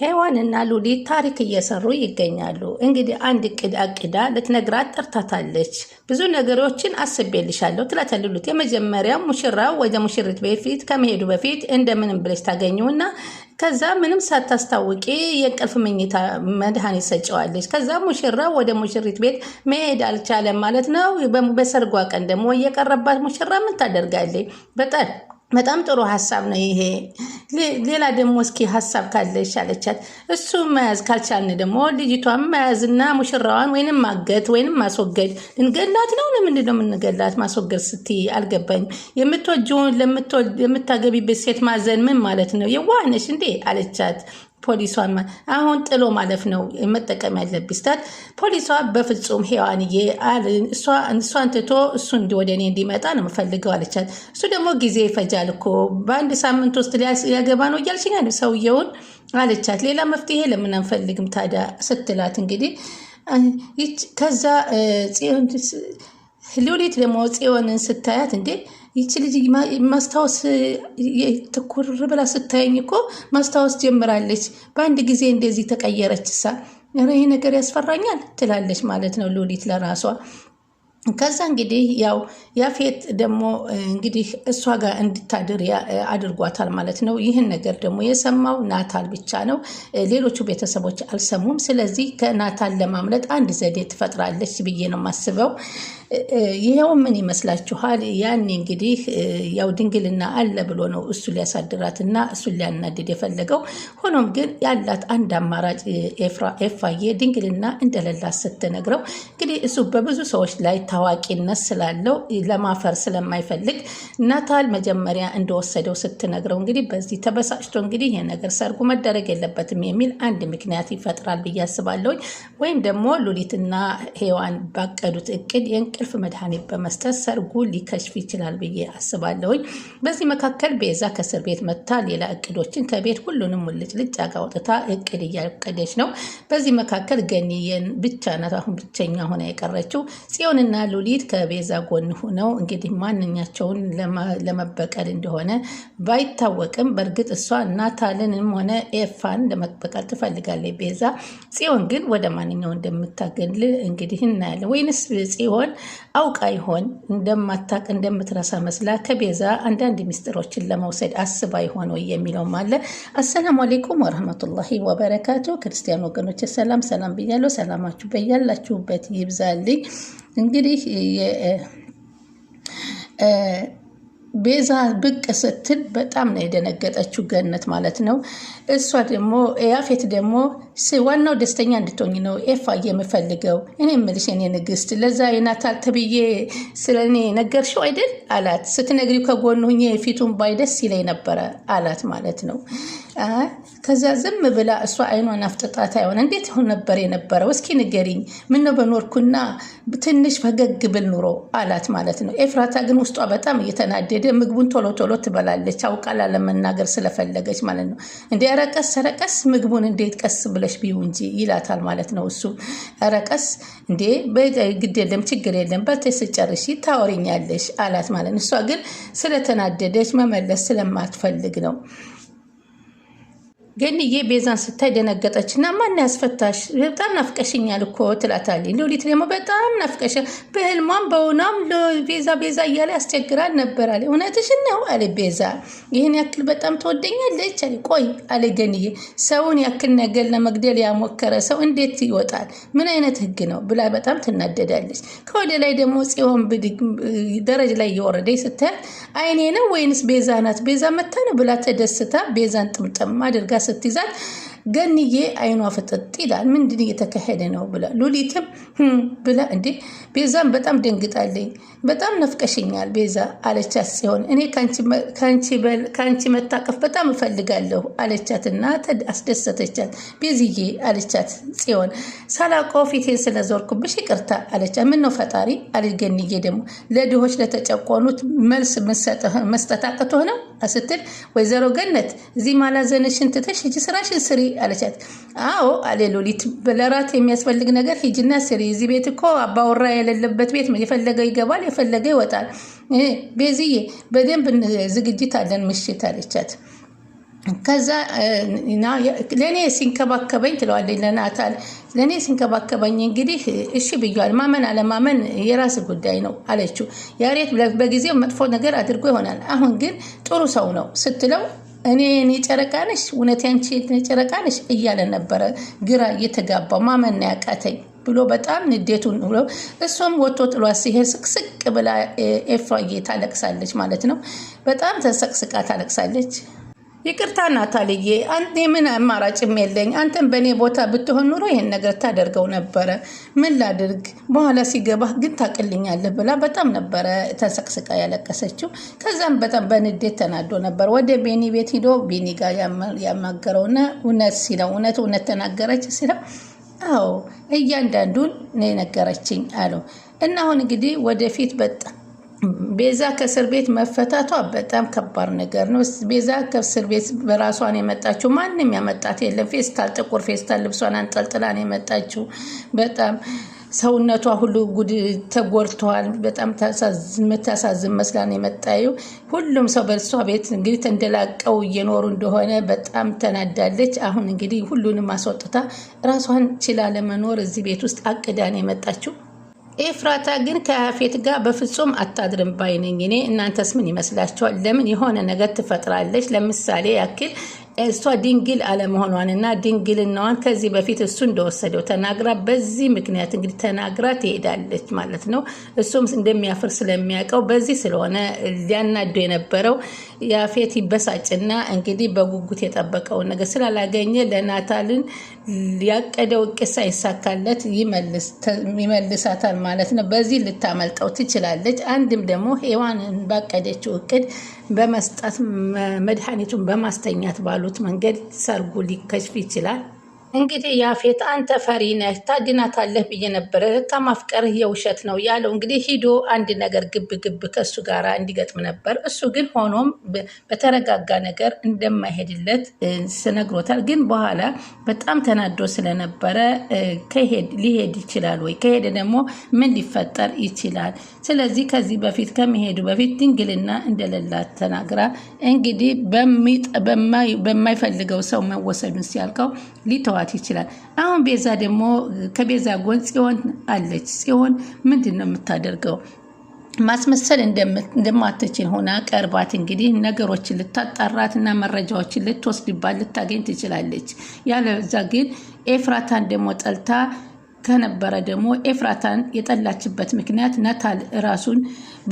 ሔዋን እና ሉሊት ታሪክ እየሰሩ ይገኛሉ። እንግዲህ አንድ እቅድ አቅዳ ልትነግራት ጠርታታለች። ብዙ ነገሮችን አስቤልሻለሁ ትላታ ሉሊት። የመጀመሪያ ሙሽራው ወደ ሙሽሪት በፊት ከመሄዱ በፊት እንደምንም ብለሽ ታገኘውና ከዛ ምንም ሳታስታውቂ የእንቅልፍ ምኝታ መድኃኒት ሰጨዋለች። ከዛ ሙሽራው ወደ ሙሽሪት ቤት መሄድ አልቻለም ማለት ነው። በሰርጓ ቀን ደግሞ እየቀረባት ሙሽራ ምን ታደርጋለች? በጣም በጣም ጥሩ ሀሳብ ነው ይሄ። ሌላ ደግሞ እስኪ ሀሳብ ካለሽ አለቻት። እሱ መያዝ ካልቻልን ደግሞ ልጅቷን መያዝና ሙሽራዋን ወይንም ማገት ወይንም ማስወገድ ልንገላት ነው። ለምንድን ነው የምንገላት? ማስወገድ ስትይ አልገባኝ። የምትወጂውን ለምታገቢበት ሴት ማዘን ምን ማለት ነው? የዋህነሽ እንዴ አለቻት። ፖሊሷን አሁን ጥሎ ማለፍ ነው መጠቀም ያለብኝ ስታት ፖሊሷ በፍጹም ሔዋንዬ እሷን ትቶ እሱ ወደ እኔ እንዲመጣ ነው የምፈልገው አለቻት። እሱ ደግሞ ጊዜ ይፈጃል እኮ በአንድ ሳምንት ውስጥ ሊያገባ ነው እያልሽኝ ሰውየውን አለቻት። ሌላ መፍትሄ ለምን አንፈልግም ታዲያ ስትላት እንግዲህ ከዛ ሉሊት ደግሞ ጽዮንን ስታያት እንዴ ይቺ ልጅ ማስታወስ ትኩር ብላ ስታየኝ እኮ ማስታወስ ጀምራለች። በአንድ ጊዜ እንደዚህ ተቀየረችሳ ይሄ ነገር ያስፈራኛል ትላለች ማለት ነው ሉሊት ለራሷ። ከዛ እንግዲህ ያው ያፌት ደግሞ እንግዲህ እሷ ጋር እንድታድር አድርጓታል ማለት ነው። ይህን ነገር ደግሞ የሰማው ናታል ብቻ ነው፣ ሌሎቹ ቤተሰቦች አልሰሙም። ስለዚህ ከናታል ለማምለጥ አንድ ዘዴ ትፈጥራለች ብዬ ነው የማስበው። ይኸው ምን ይመስላችኋል? ያኔ እንግዲህ ያው ድንግልና አለ ብሎ ነው እሱ ሊያሳድራትና እሱ ሊያናድድ የፈለገው። ሆኖም ግን ያላት አንድ አማራጭ ኤፋዬ ድንግልና እንደሌላት ስትነግረው እንግዲህ እሱ በብዙ ሰዎች ላይ ታዋቂነት ስላለው ለማፈር ስለማይፈልግ ናታል መጀመሪያ እንደወሰደው ስትነግረው እንግዲህ በዚህ ተበሳጭቶ እንግዲህ የነገር ነገር ሰርጉ መደረግ የለበትም የሚል አንድ ምክንያት ይፈጥራል ብዬ አስባለሁኝ። ወይም ደግሞ ሉሊትና ሔዋን ባቀዱት እቅድ የሚያደርፍ መድኃኒት በመስጠት ሰርጉ ሊከሽፍ ይችላል ብዬ አስባለሁኝ። በዚህ መካከል ቤዛ ከእስር ቤት መታ ሌላ እቅዶችን ከቤት ሁሉንም ሙልጭ ልጭ አውጥታ እቅድ እያቀደች ነው። በዚህ መካከል ገኒየን ብቻ ናት አሁን ብቸኛ ሆና የቀረችው። ጽዮንና ሉሊት ከቤዛ ጎን ሆነው እንግዲህ ማንኛቸውን ለመበቀል እንደሆነ ባይታወቅም በእርግጥ እሷ ናታልንም ሆነ ኤፋን ለመበቀል ትፈልጋለች ቤዛ። ጽዮን ግን ወደ ማንኛው እንደምታገል እንግዲህ እናያለን። ወይንስ ጽዮን አውቃ ይሆን እንደማታቅ እንደምትረሳ መስላ ከቤዛ አንዳንድ ሚስጥሮችን ለመውሰድ አስባ ይሆን ወይ የሚለውም አለ። አሰላሙ አሌይኩም ወረህመቱላሂ ወበረካቱ። ክርስቲያን ወገኖች ሰላም ሰላም ብያለሁ። ሰላማችሁ በያላችሁበት ይብዛልኝ። እንግዲህ ቤዛ ብቅ ስትል በጣም ነው የደነገጠችው፣ ገነት ማለት ነው። እሷ ደግሞ ያፌት ደግሞ ዋናው ደስተኛ እንድትሆኝ ነው ኤፋ የምፈልገው። እኔ የምልሽ የኔ ንግስት፣ ለዛ የናታል ተብዬ ስለ እኔ ነገርሽው አይደል አላት። ስትነግሪው ከጎኑ ሁኜ ፊቱን ባይ ደስ ይለኝ ነበረ አላት ማለት ነው። ከዛ ዝም ብላ እሷ አይኗን አፍጥጣት አይሆን እንዴት ይሆን ነበር የነበረው? እስኪ ንገሪኝ፣ ምነው በኖርኩና ትንሽ ፈገግ ብል ኑሮ አላት ማለት ነው። ኤፍራታ ግን ውስጧ በጣም እየተናደደ ምግቡን ቶሎ ቶሎ ትበላለች፣ አውቃላ ለመናገር ስለፈለገች ማለት ነው። እንዲ ረቀስ ረቀስ ምግቡን እንዴት ቀስ ብለሽ ቢዩ እንጂ ይላታል ማለት ነው። እሱ ረቀስ እንዴ ግድ የለም ችግር የለም በርተሽ ስጨርሽ ታወሪኛለሽ አላት ማለት ነው። እሷ ግን ስለተናደደች መመለስ ስለማትፈልግ ነው ግን ይህ ቤዛን ስታይ ደነገጠች እና ማን ያስፈታሽ? በጣም ናፍቀሽኛል እኮ ትላታለች። ሉሊት ደግሞ በጣም ናፍቀሽ በህልሟም በውናም ቤዛ ቤዛ እያለ ያስቸግራል ነበር አለ። እውነትሽ ነው አለ ቤዛ። ይህን ያክል በጣም ትወደኛለች? ቆይ አለ ደንዬ። ሰውን ያክል ነገር ለመግደል ያሞከረ ሰው እንዴት ይወጣል? ምን አይነት ህግ ነው ብላ በጣም ትናደዳለች። ከወደ ላይ ደግሞ ጽዮን ደረጃ ላይ እየወረደ ስታያት አይኔ ነው ወይንስ ቤዛ ናት? ቤዛ መታ ነው ብላ ተደስታ ቤዛን ጥምጥም አድርጋ suttizat ገንዬ አይኗ ፍጥጥ ይላል። ምንድን እየተካሄደ ነው ብላ ሉሊትም ብላ እንዴ ቤዛም በጣም ደንግጣለኝ። በጣም ነፍቀሽኛል ቤዛ አለቻት ሲሆን እኔ ከአንቺ መታቀፍ በጣም እፈልጋለሁ አለቻትና አስደሰተቻት። ቤዝዬ አለቻት ሲሆን ሳላውቀው ፊቴን ስለዞርኩብሽ ይቅርታ አለቻት። ምን ነው ፈጣሪ አለች ገንዬ ደግሞ ለድሆች ለተጨቆኑት መልስ መስጠት አቅቶህ ነው ስትል ወይዘሮ ገነት እዚህ ማላዘንሽን ትተሽ ሂጂ ስራሽን ስሪ አለቻት። አዎ አለ ሎሊት። ለራት የሚያስፈልግ ነገር ሂጅና ስሪ። እዚህ ቤት እኮ አባወራ የሌለበት ቤት የፈለገ ይገባል፣ የፈለገ ይወጣል። ቤዝዬ በደንብ ዝግጅት አለን ምሽት አለቻት። ከዛ ለእኔ ሲንከባከበኝ ትለዋለች ለናታል። ለእኔ ሲንከባከበኝ እንግዲህ እሺ ብያል። ማመን አለማመን የራስ ጉዳይ ነው አለችው። ያሬት በጊዜው መጥፎ ነገር አድርጎ ይሆናል፣ አሁን ግን ጥሩ ሰው ነው ስትለው እኔ እኔ ጨረቃ ነሽ እውነት ያንቺ ጨረቃ ነሽ እያለ ነበረ ግራ እየተጋባ ማመን ያቃተኝ ብሎ በጣም ንዴቱን ብሎ እሷም ወጥቶ ጥሏት ሲሄድ ስቅስቅ ብላ ኤፋዬ ታለቅሳለች ማለት ነው። በጣም ተሰቅስቃ ታለቅሳለች። ይቅርታ ናታልዬ፣ እኔ ምን አማራጭም የለኝ። አንተን በእኔ ቦታ ብትሆን ኑሮ ይህን ነገር ታደርገው ነበረ። ምን ላድርግ? በኋላ ሲገባህ ግን ታቅልኛለህ ብላ በጣም ነበረ ተሰቅስቃ ያለቀሰችው። ከዛም በጣም በንዴት ተናዶ ነበር ወደ ቤኒ ቤት ሂዶ ቤኒ ጋር ያማገረውና እውነት ሲለው እውነት እውነት ተናገረች ሲለው አዎ እያንዳንዱን ነገረችኝ አለው እና አሁን እንግዲህ ወደፊት በጣም ቤዛ ከእስር ቤት መፈታቷ በጣም ከባድ ነገር ነው። ቤዛ ከእስር ቤት በራሷን የመጣችው ማንም ያመጣት የለም። ፌስታል፣ ጥቁር ፌስታል ልብሷን አንጠልጥላን የመጣችው በጣም ሰውነቷ ሁሉ ጉድ ተጎድተዋል። በጣም የምታሳዝን መስላን የመጣዩ ሁሉም ሰው በእሷ ቤት እንግዲህ ተንደላቀው እየኖሩ እንደሆነ በጣም ተናዳለች። አሁን እንግዲህ ሁሉንም አስወጥታ ራሷን ችላ ለመኖር እዚህ ቤት ውስጥ አቅዳን የመጣችው ኤፍራታ ግን ከያፌት ጋር በፍጹም አታድርም ነኝ እኔ። እናንተስ ምን ይመስላችኋል? ለምን የሆነ ነገር ትፈጥራለች። ለምሳሌ ያክል እሷ ድንግል አለመሆኗንና ድንግልናዋን ከዚህ በፊት እሱ እንደወሰደው ተናግራ በዚህ ምክንያት እንግዲህ ተናግራ ትሄዳለች ማለት ነው። እሱም እንደሚያፍር ስለሚያውቀው በዚህ ስለሆነ ሊያናዱ የነበረው ያፌት ይበሳጭና እንግዲህ በጉጉት የጠበቀውን ነገር ስላላገኘ ለናታልን ያቀደው እቅድ ሳይሳካለት ይመልሳታል ማለት ነው። በዚህ ልታመልጠው ትችላለች። አንድም ደግሞ ሔዋንን ባቀደችው እቅድ በመስጣት መድኃኒቱን በማስተኛት ባሉ ባሉት መንገድ ሰርጉ ሊከሽፍ ይችላል። እንግዲህ ያፌት አንተ ፈሪ ነህ ታድናታለህ ብዬ ነበረ ከማፍቀርህ የውሸት ነው ያለው። እንግዲህ ሂዶ አንድ ነገር ግብ ግብ ከእሱ ጋር እንዲገጥም ነበር። እሱ ግን ሆኖም በተረጋጋ ነገር እንደማይሄድለት ስነግሮታል። ግን በኋላ በጣም ተናዶ ስለነበረ ሊሄድ ይችላል ወይ? ከሄደ ደግሞ ምን ሊፈጠር ይችላል? ስለዚህ ከዚህ በፊት ከመሄዱ በፊት ድንግልና እንደሌላት ተናግራ እንግዲህ በማይፈልገው ሰው መወሰዱን ሲያልቀው ሊተዋል ሊኖራት ይችላል። አሁን ቤዛ ደግሞ ከቤዛ ጎን ጽዮን አለች። ጽዮን ምንድን ነው የምታደርገው? ማስመሰል እንደማትችል ሆና ቀርባት እንግዲህ ነገሮችን ልታጣራት እና መረጃዎችን ልትወስድባት ልታገኝ ትችላለች። ያለዛ ግን ኤፍራታን ደግሞ ጠልታ ከነበረ ደግሞ ኤፍራታን የጠላችበት ምክንያት ናታል ራሱን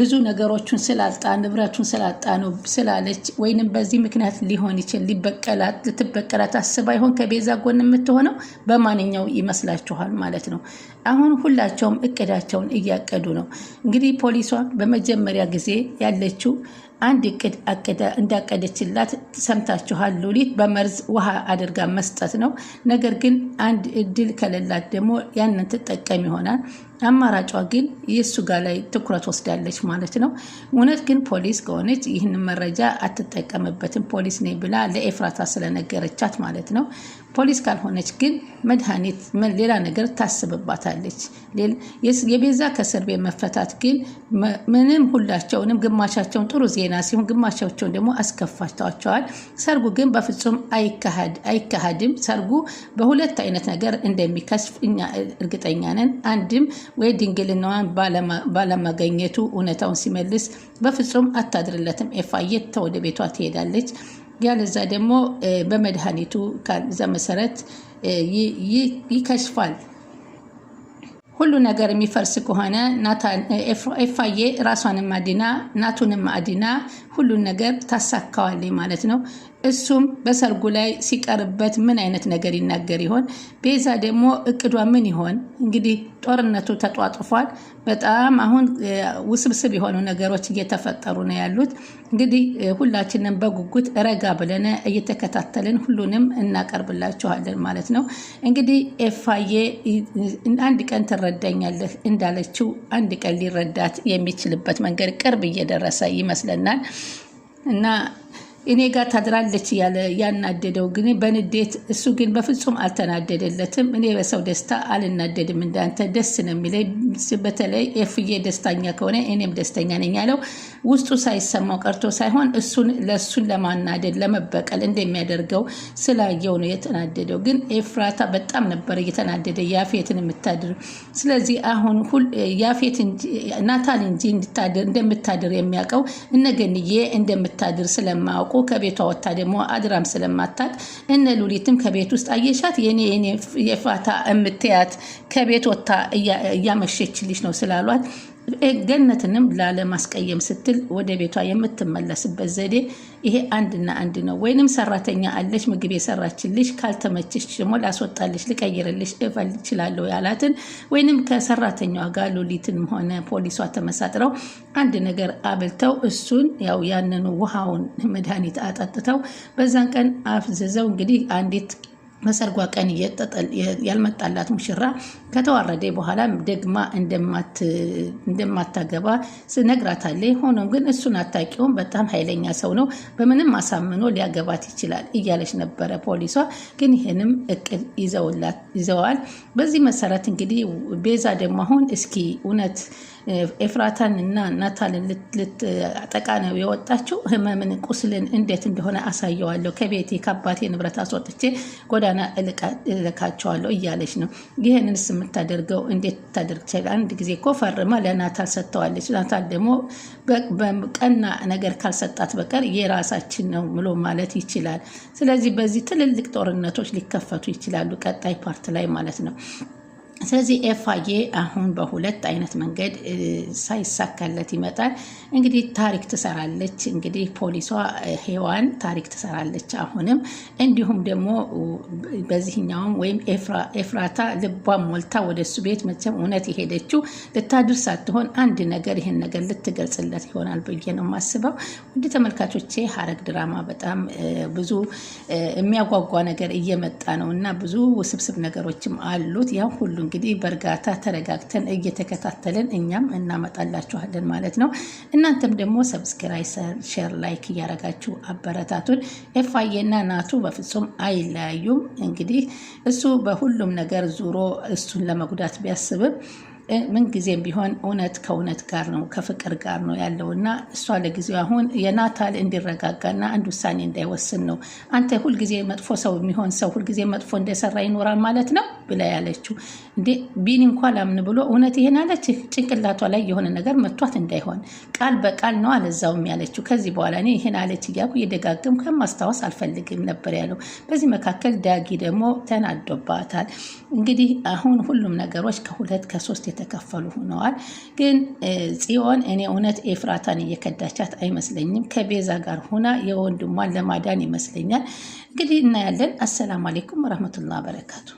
ብዙ ነገሮቹን ስላጣ ንብረቱን ስላጣ ነው ስላለች ወይንም በዚህ ምክንያት ሊሆን ይችል ሊበቀላት ልትበቀላት አስባ ይሆን ከቤዛ ጎን የምትሆነው በማንኛው ይመስላችኋል ማለት ነው። አሁን ሁላቸውም እቅዳቸውን እያቀዱ ነው። እንግዲህ ፖሊሷ በመጀመሪያ ጊዜ ያለችው አንድ እቅድ እንዳቀደችላት ሰምታችኋል። ሉሊት በመርዝ ውሃ አድርጋ መስጠት ነው። ነገር ግን አንድ እድል ከሌላት ደግሞ ያንን ትጠቀም ይሆናል። አማራጯ ግን የእሱ ጋር ላይ ትኩረት ወስዳለች ማለት ነው። እውነት ግን ፖሊስ ከሆነች ይህንን መረጃ አትጠቀምበትም ፖሊስ ነኝ ብላ ለኤፍራታ ስለነገረቻት ማለት ነው። ፖሊስ ካልሆነች ግን መድኃኒት፣ ሌላ ነገር ታስብባታለች። የቤዛ ከእስር ቤት መፈታት ግን ምንም ሁላቸውንም ግማሻቸውን ጥሩ ዜና ሲሆን፣ ግማሻቸውን ደግሞ አስከፋቸዋል። ሰርጉ ግን በፍጹም አይካሄድም። ሰርጉ በሁለት አይነት ነገር እንደሚከስፍ እኛ እርግጠኛ ነን። አንድም ወይ ድንግልናዋን ባለማገኘቱ እውነታውን ሲመልስ በፍጹም አታድርለትም። ኤፋዬ ወደ ቤቷ ትሄዳለች። ያለዛ ደግሞ በመድኃኒቱ ካልዛ መሰረት ይከሽፋል። ሁሉ ነገር የሚፈርስ ከሆነ ኤፋዬ ራሷንም አድና ናቱንም አድና ሁሉን ነገር ታሳካዋለች ማለት ነው። እሱም በሰርጉ ላይ ሲቀርበት ምን አይነት ነገር ይናገር ይሆን? ቤዛ ደግሞ እቅዷ ምን ይሆን እንግዲህ ጦርነቱ ተጧጥፏል። በጣም አሁን ውስብስብ የሆኑ ነገሮች እየተፈጠሩ ነው ያሉት። እንግዲህ ሁላችንም በጉጉት ረጋ ብለን እየተከታተልን ሁሉንም እናቀርብላችኋለን ማለት ነው። እንግዲህ ኤፋዬ አንድ ቀን ትረዳኛለህ እንዳለችው አንድ ቀን ሊረዳት የሚችልበት መንገድ ቅርብ እየደረሰ ይመስለናል እና እኔ ጋር ታድራለች እያለ ያናደደው ግን በንዴት እሱ ግን በፍጹም አልተናደደለትም። እኔ በሰው ደስታ አልናደድም፣ እንዳንተ ደስ ነው የሚለኝ። በተለይ ኤፍዬ ደስታኛ ከሆነ እኔም ደስተኛ ነኝ ያለው ውስጡ ሳይሰማው ቀርቶ ሳይሆን እሱን ለእሱን ለማናደድ ለመበቀል እንደሚያደርገው ስላየው ነው የተናደደው። ግን ኤፍራታ በጣም ነበር እየተናደደ ያፌትን የምታድር። ስለዚህ አሁን ያፌት ናታን እንጂ እንደምታድር የሚያውቀው እነገንዬ እንደምታድር ስለማያውቁ አውቆ ከቤቷ ወጥታ ደግሞ አድራም ስለማታቅ እነ ሉሊትም ከቤት ውስጥ አየሻት የኔ የኔ የፋታ እምትያት ከቤት ወጥታ እያመሸችልሽ ነው ስላሏት ገነትንም ላለማስቀየም ስትል ወደ ቤቷ የምትመለስበት ዘዴ ይሄ አንድና አንድ ነው። ወይንም ሰራተኛ አለች ምግብ የሰራችልሽ፣ ካልተመችሽ ደግሞ ላስወጣልሽ ልቀይርልሽ እችላለሁ ያላትን ወይንም ከሰራተኛዋ ጋር ሉሊትንም ሆነ ፖሊሷ ተመሳጥረው አንድ ነገር አብልተው እሱን ያው ያንኑ ውሃውን መድኃኒት አጠጥተው በዛን ቀን አፍዝዘው እንግዲህ አንዲት በሰርጓ ቀን ያልመጣላት ሙሽራ ከተዋረደ በኋላ ደግማ እንደማታገባ ነግራታለች። ሆኖም ግን እሱን አታውቂውም፣ በጣም ኃይለኛ ሰው ነው፣ በምንም አሳምኖ ሊያገባት ይችላል እያለች ነበረ ፖሊሷ። ግን ይህንም እቅድ ይዘዋል። በዚህ መሰረት እንግዲህ ቤዛ ደግሞ አሁን እስኪ እውነት ኤፍራታን እና ናታልን ልትጠቃ ነው የወጣችው። ህመምን ቁስልን እንዴት እንደሆነ አሳየዋለሁ፣ ከቤቴ ከአባቴ ንብረት አስወጥቼ ጎዳና እልካቸዋለሁ እያለች ነው። ይህንን ስም የምታደርገው እንዴት ታደርግ አንድ ጊዜ እኮ ፈርማ ለናታል ሰጥተዋለች። ናታል ደግሞ በቀና ነገር ካልሰጣት በቀር የራሳችን ነው ብሎ ማለት ይችላል። ስለዚህ በዚህ ትልልቅ ጦርነቶች ሊከፈቱ ይችላሉ፣ ቀጣይ ፓርት ላይ ማለት ነው። ስለዚህ ኤፋዬ አሁን በሁለት አይነት መንገድ ሳይሳካለት ይመጣል። እንግዲህ ታሪክ ትሰራለች። እንግዲህ ፖሊሷ ሄዋን ታሪክ ትሰራለች። አሁንም እንዲሁም ደግሞ በዚህኛውም ወይም ኤፍራታ ልቧን ሞልታ ወደ እሱ ቤት መቼም እውነት የሄደችው ልታድር ሳትሆን አንድ ነገር ይህን ነገር ልትገልጽለት ይሆናል ብዬ ነው የማስበው። ውድ ተመልካቾቼ ሐረግ ድራማ በጣም ብዙ የሚያጓጓ ነገር እየመጣ ነው እና ብዙ ውስብስብ ነገሮችም አሉት ያ ሁሉ እንግዲህ በእርጋታ ተረጋግተን እየተከታተልን እኛም እናመጣላችኋለን ማለት ነው። እናንተም ደግሞ ሰብስክራይ፣ ሼር፣ ላይክ እያረጋችሁ አበረታቱን። ኤፋዬና ናቱ በፍጹም አይለያዩም። እንግዲህ እሱ በሁሉም ነገር ዙሮ እሱን ለመጉዳት ቢያስብም ምንጊዜም ቢሆን እውነት ከእውነት ጋር ነው ከፍቅር ጋር ነው ያለው እና እሷ ለጊዜው አሁን የናታል እንዲረጋጋና አንድ ውሳኔ እንዳይወስን ነው። አንተ ሁልጊዜ መጥፎ ሰው የሚሆን ሰው ሁልጊዜ መጥፎ እንደሰራ ይኖራል ማለት ነው ብላ ያለችው እንዴ ቢኒ እንኳ ላምን ብሎ እውነት ይሄን አለች። ጭንቅላቷ ላይ የሆነ ነገር መቷት እንዳይሆን ቃል በቃል ነው አለዛውም ያለችው። ከዚህ በኋላ እኔ ይሄን አለች እያልኩ የደጋግም ከማስታወስ አልፈልግም ነበር ያለው። በዚህ መካከል ዳጊ ደግሞ ተናዶባታል። እንግዲህ አሁን ሁሉም ነገሮች ከሁለት ከሶስት የተ የተከፈሉ ሆነዋል። ግን ጽዮን እኔ እውነት ኤፍራታን እየከዳቻት አይመስለኝም። ከቤዛ ጋር ሁና የወንድሟን ለማዳን ይመስለኛል። እንግዲህ እናያለን። አሰላሙ አሌይኩም ወረህመቱላሂ በረካቱ